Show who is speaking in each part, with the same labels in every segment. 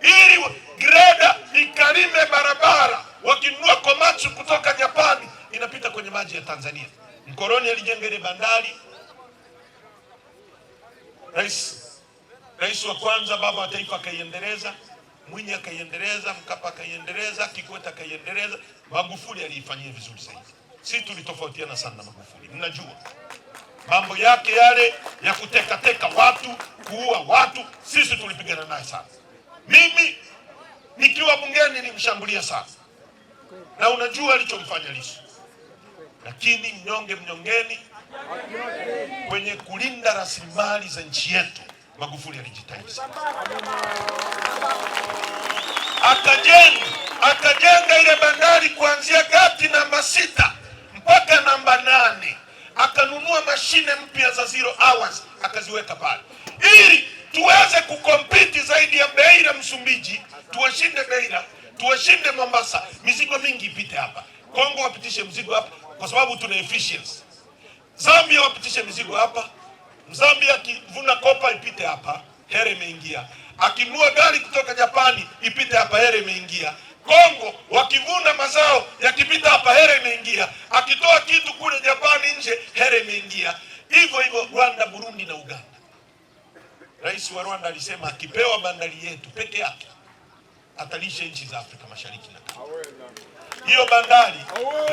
Speaker 1: ili greda ikalime barabara. Wakinunua komatsu kutoka Japani, inapita kwenye maji ya Tanzania. Mkoloni alijenga ile bandari. Rais rais wa kwanza baba wa taifa akaiendeleza, Mwinyi akaiendeleza, Mkapa akaiendeleza, Kikwete akaiendeleza, Magufuli aliifanyia vizuri zaidi. Si tulitofautiana sana na Magufuli, mnajua mambo yake yale ya kutekateka watu, kuua watu, sisi tulipigana naye sana. Mimi nikiwa bungeni nilimshambulia sana, na unajua alichomfanya Lissu, lakini mnyonge mnyongeni kwenye kulinda rasilimali za nchi yetu Magufuli alijitahidi sana, akajenga akajenga ile bandari kuanzia gati namba sita mpaka namba nane akanunua mashine mpya za zero hours akaziweka pale ili tuweze kukompiti zaidi ya Beira Msumbiji, tuwashinde Beira, tuwashinde Mombasa. Mizigo mingi ipite hapa Kongo, wapitishe mzigo hapa kwa sababu tuna efficiency. Zambia wapitishe mizigo hapa. Zambia akivuna kopa ipite hapa, here imeingia. Akinua gari kutoka Japani ipite hapa, here imeingia. Kongo wakivuna mazao yakipita hapa, here imeingia. Akitoa kitu kule Japani nje, here imeingia. Hivyo hivyo Rwanda, Burundi na Uganda. Rais wa Rwanda alisema akipewa bandari yetu peke yake atalisha nchi za Afrika Mashariki na Kati. Hiyo bandari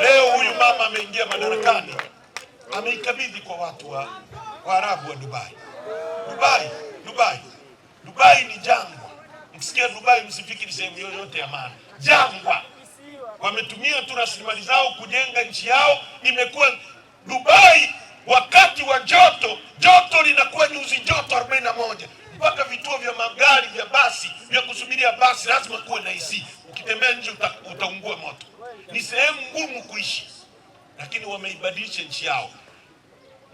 Speaker 1: leo huyu mama ameingia madarakani ameikabidhi kwa watu wa Waarabu wa Dubai. Dubai, Dubai, Dubai ni jangwa. Mkisikia Dubai msifikiri sehemu yoyote ya maana, jangwa. Wametumia tu rasilimali zao kujenga nchi yao, imekuwa Dubai wakati wa joto, joto linakuwa nyuzi joto 41 na moja mpaka vituo vya magari vya basi vya kusubiria basi lazima kuwe na AC. Ukitembea nje uta, utaungua moto. Ni sehemu ngumu kuishi, lakini wameibadilisha nchi yao.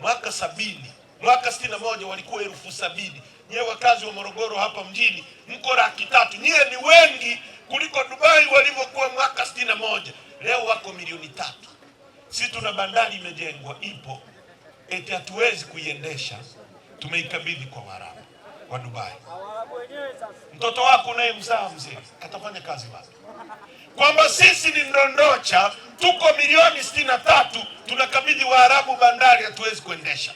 Speaker 1: Mwaka sabini mwaka sitini na moja walikuwa elfu sabini Nyie wakazi wa Morogoro hapa mjini mko laki tatu. Nyie ni wengi kuliko Dubai walivyokuwa mwaka sitini na moja. Leo wako milioni tatu. Sisi tuna bandari imejengwa, ipo eti hatuwezi kuiendesha, tumeikabidhi kwa Waarabu wa Dubai. Mtoto wako mzaa mzee atafanya kazi wapi? Kwamba sisi ni ndondocha, tuko milioni sitini na tatu, tunakabidhi Waarabu bandari, hatuwezi kuendesha.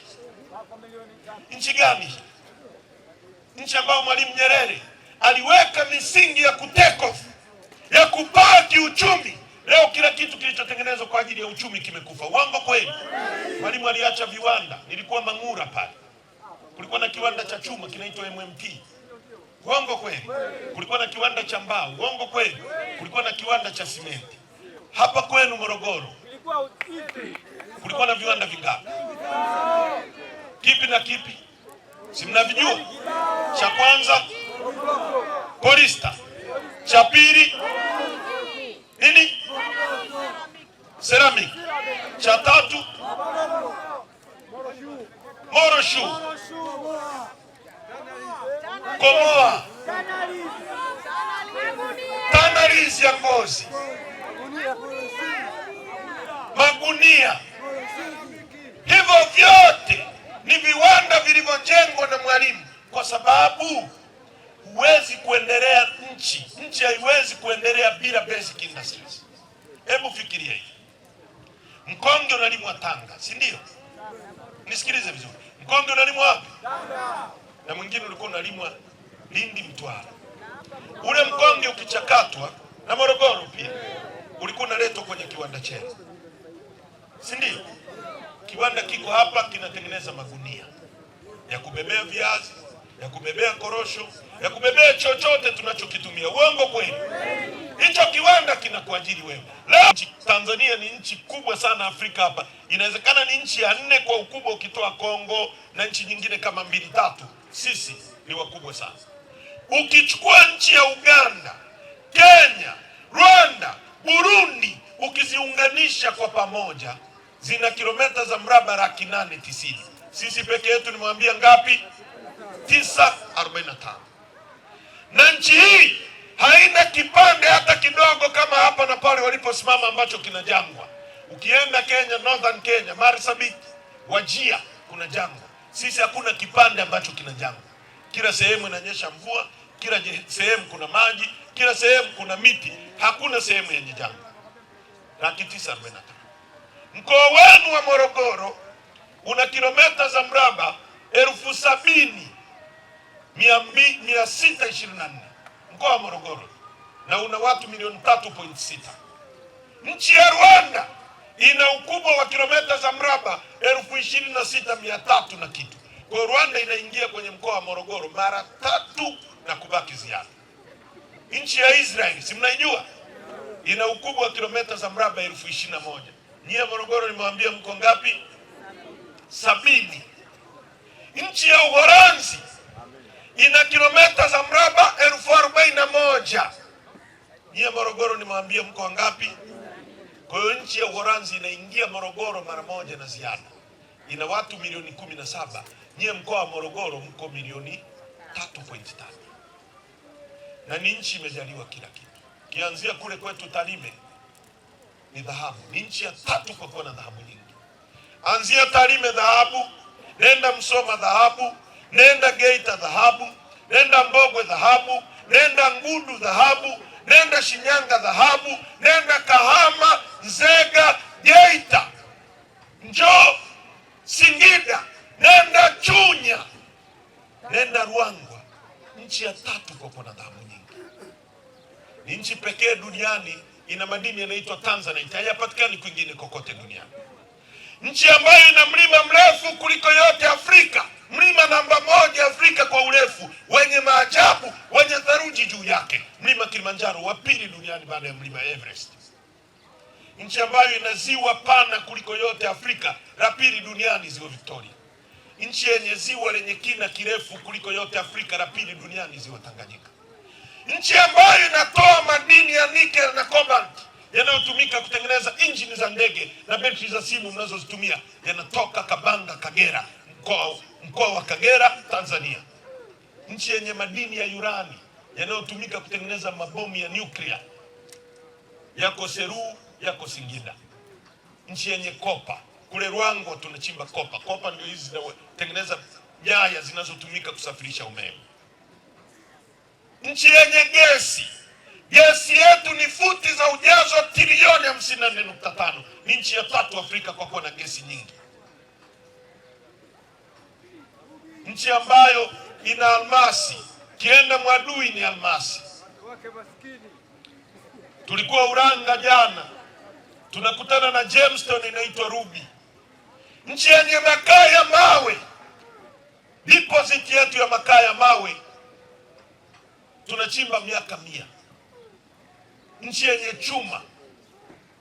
Speaker 1: Nchi gani? Nchi ambayo Mwalimu Nyerere aliweka misingi ya kutekof ya kupaa kiuchumi Leo kila kitu kilichotengenezwa kwa ajili ya uchumi kimekufa. Uongo kweli? Mwalimu aliacha viwanda. Nilikuwa Mang'ura pale, kulikuwa na kiwanda cha chuma kinaitwa MMT. Uongo kweli? Kulikuwa na kiwanda cha mbao. Uongo kweli? Kulikuwa na kiwanda cha simenti. Hapa kwenu Morogoro kulikuwa na viwanda vingapi? Kipi na kipi? Si mnavijua? Cha kwanza Polista, cha pili nini serami cha tatu moroshu, komoa, tanarizi ya ngozi, magunia. Hivyo vyote ni viwanda vilivyojengwa na Mwalimu kwa sababu huwezi kuendelea nchi, nchi haiwezi kuendelea bila basic industries. Hebu fikiria hivi, mkonge unalimwa Tanga, si ndio? Nisikilize vizuri, mkonge unalimwa wapi? Na mwingine ulikuwa unalimwa Lindi, Mtwara. Ule mkonge ukichakatwa na Morogoro pia ulikuwa unaletwa kwenye kiwanda chetu, si ndio? Kiwanda kiko hapa kinatengeneza magunia ya kubebea viazi ya kubebea korosho, ya kubebea chochote tunachokitumia. Uongo kweli? Hicho kiwanda kinakuajiri wewe leo. Tanzania ni nchi kubwa sana Afrika hapa, inawezekana ni nchi ya nne kwa ukubwa ukitoa Kongo na nchi nyingine kama mbili tatu. Sisi ni wakubwa sana. Ukichukua nchi ya Uganda, Kenya, Rwanda, Burundi, ukiziunganisha kwa pamoja zina kilomita za mraba laki nane tisini. Sisi peke yetu nimwambia ngapi? 945 na nchi hii haina kipande hata kidogo kama hapa na pale waliposimama ambacho kina jangwa. Ukienda Kenya, northern Kenya, Marsabit, Wajia kuna jangwa. Sisi hakuna kipande ambacho kina jangwa. Kila sehemu inanyesha mvua, kila sehemu kuna maji, kila sehemu kuna miti, hakuna sehemu yenye jangwa. laki tisa arobaini na tano. Mkoa wenu wa Morogoro una kilomita za mraba elfu sabini mia sita ishirini na nne mkoa wa Morogoro na una watu milioni tatu pointi sita. Nchi ya Rwanda ina ukubwa wa kilomita za mraba elfu ishirini na sita mia tatu na kitu. Kwa Rwanda inaingia kwenye mkoa wa Morogoro mara tatu na kubaki ziada. Nchi ya Israeli si mnaijua, ina ukubwa wa kilomita za mraba elfu ishirini na moja. Nyie Morogoro nimewambia mko ngapi? Sabini. Nchi ya Uholanzi ina kilomita za mraba elfu arobaini na moja. Nyie Morogoro nimwambie mko wangapi? Kwa hiyo nchi ya Uholanzi inaingia Morogoro mara moja na ziada, ina watu milioni kumi na saba. Nyie mkoa wa Morogoro mko milioni tatu pointi na ni nchi imejaliwa kila kitu, kianzia kule kwetu Tarime ni dhahabu, ni nchi ya tatu kwa kuwa na dhahabu nyingi. Anzia Tarime dhahabu nenda Msoma dhahabu, nenda Geita dhahabu, nenda Mbogwe dhahabu, nenda Ngudu dhahabu, nenda Shinyanga dhahabu, nenda Kahama, Nzega, Geita, njoo Singida, nenda Chunya, nenda Ruangwa. Nchi ya tatu kwa kuwa na dhahabu nyingi, ni nchi pekee duniani ina madini yanaitwa tanzanite, hayapatikani kwingine kokote duniani nchi ambayo ina mlima mrefu kuliko yote Afrika, mlima namba moja Afrika kwa urefu, wenye maajabu, wenye theluji juu yake, mlima Kilimanjaro, wa pili duniani baada ya mlima Everest. Nchi ambayo ina ziwa pana kuliko yote Afrika, la pili duniani, ziwa Victoria. Nchi yenye ziwa lenye kina kirefu kuliko yote Afrika, la pili duniani, ziwa Tanganyika. Nchi ambayo inatoa madini ya nikel na cobalt yanayotumika kutengeneza injini za ndege na betri za simu mnazozitumia yanatoka Kabanga, Kagera, mkoa mkoa wa Kagera, Tanzania, nchi yenye madini ya urani yanayotumika kutengeneza mabomu ya nyuklia yako Seru, yako Singida. Nchi yenye kopa, kule Rwango tunachimba kopa. Kopa ndio hizi zinatengeneza nyaya zinazotumika kusafirisha umeme. Nchi yenye gesi Gesi yetu ni futi za ujazo trilioni hamsini na nne nukta tano. Ni nchi ya tatu Afrika kwa kuwa na gesi nyingi, nchi ambayo ina almasi. Kienda mwadui ni almasi. Tulikuwa Uranga jana, tunakutana na Jamestown inaitwa rubi, nchi yenye makaa ya mawe. Deposit yetu ya makaa ya mawe tunachimba miaka mia nchi yenye chuma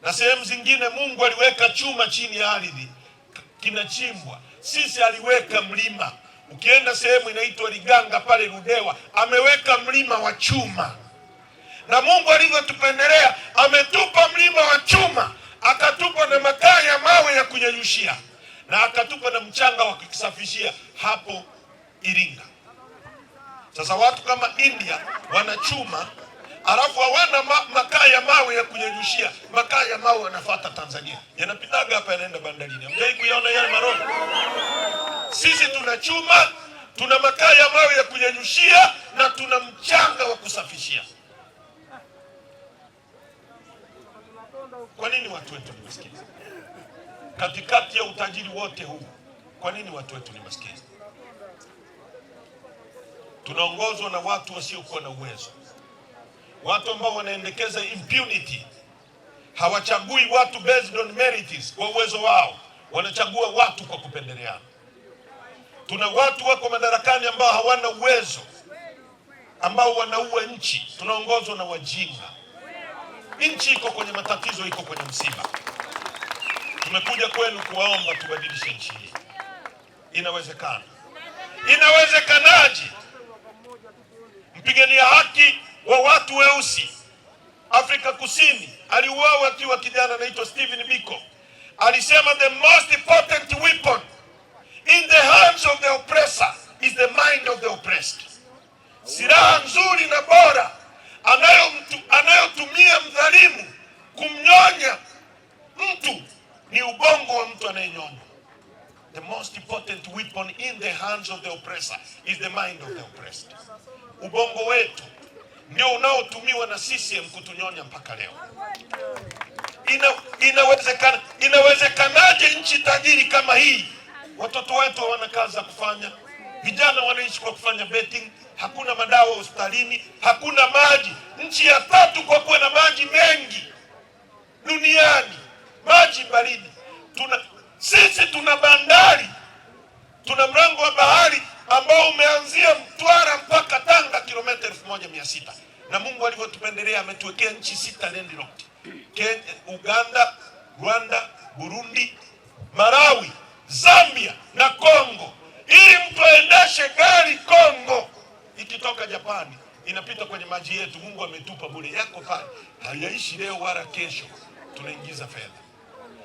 Speaker 1: na sehemu zingine Mungu aliweka chuma chini ya ardhi kinachimbwa. Sisi aliweka mlima. Ukienda sehemu inaitwa Liganga pale Ludewa, ameweka mlima wa chuma, na Mungu alivyotupendelea ametupa mlima wa chuma, akatupa na makaa ya mawe ya kunyanyushia na akatupa na mchanga wa kusafishia hapo Iringa. Sasa watu kama India wana chuma alafu hawana ma, makaa ya mawe ya kunyenyushia. Makaa ya mawe wanafata Tanzania, yanapitaga hapa yanaenda bandarini. Hamjai kuyaona yale maroro? Sisi tuna chuma, tuna makaa ya mawe ya kunyenyushia na tuna mchanga wa kusafishia. Kwa nini watu wetu ni maskini katikati ya utajiri wote huu? Kwa nini watu wetu ni maskini? Tunaongozwa na watu wasiokuwa na uwezo watu ambao wanaendekeza impunity, hawachagui watu based on merits kwa uwezo wao, wanachagua watu kwa kupendeleana. Tuna watu wako madarakani ambao hawana uwezo, ambao wanaua nchi, tunaongozwa na wajinga. Nchi iko kwenye matatizo, iko kwenye msiba. Tumekuja kwenu kuwaomba tubadilishe nchi hii. Inawezekana. Inawezekanaje? Mpigania haki wa watu weusi Afrika Kusini, aliuawa akiwa kijana anaitwa Stephen Biko. Alisema the most important weapon in the hands of the oppressor is the mind of the oppressed. Silaha nzuri na bora anayotumia mdhalimu kumnyonya mtu ni ubongo wa mtu anayenyonywa. The most important weapon in the hands of the oppressor is the mind of the oppressed. Ubongo wetu ndio unaotumiwa na CCM kutunyonya mpaka leo. Ina, inawezekana inawezekanaje nchi tajiri kama hii watoto wetu hawana kazi za kufanya, vijana wanaishi kwa kufanya betting, hakuna madawa hospitalini, hakuna maji. Nchi ya tatu kwa kuwa na maji mengi duniani, maji baridi. Tuna sisi tuna bandari, tuna mlango wa bahari ambao umeanzia Mtwara mpaka Tanga kilomita elfu moja mia sita na Mungu alivyotupendelea ametuwekea nchi sita landlocked: Kenya, Uganda, Rwanda, Burundi, Malawi, Zambia na Kongo, ili mtu aendeshe gari Kongo ikitoka Japani inapita kwenye maji yetu. Mungu ametupa bure yako pale, hayaishi leo wala kesho, tunaingiza fedha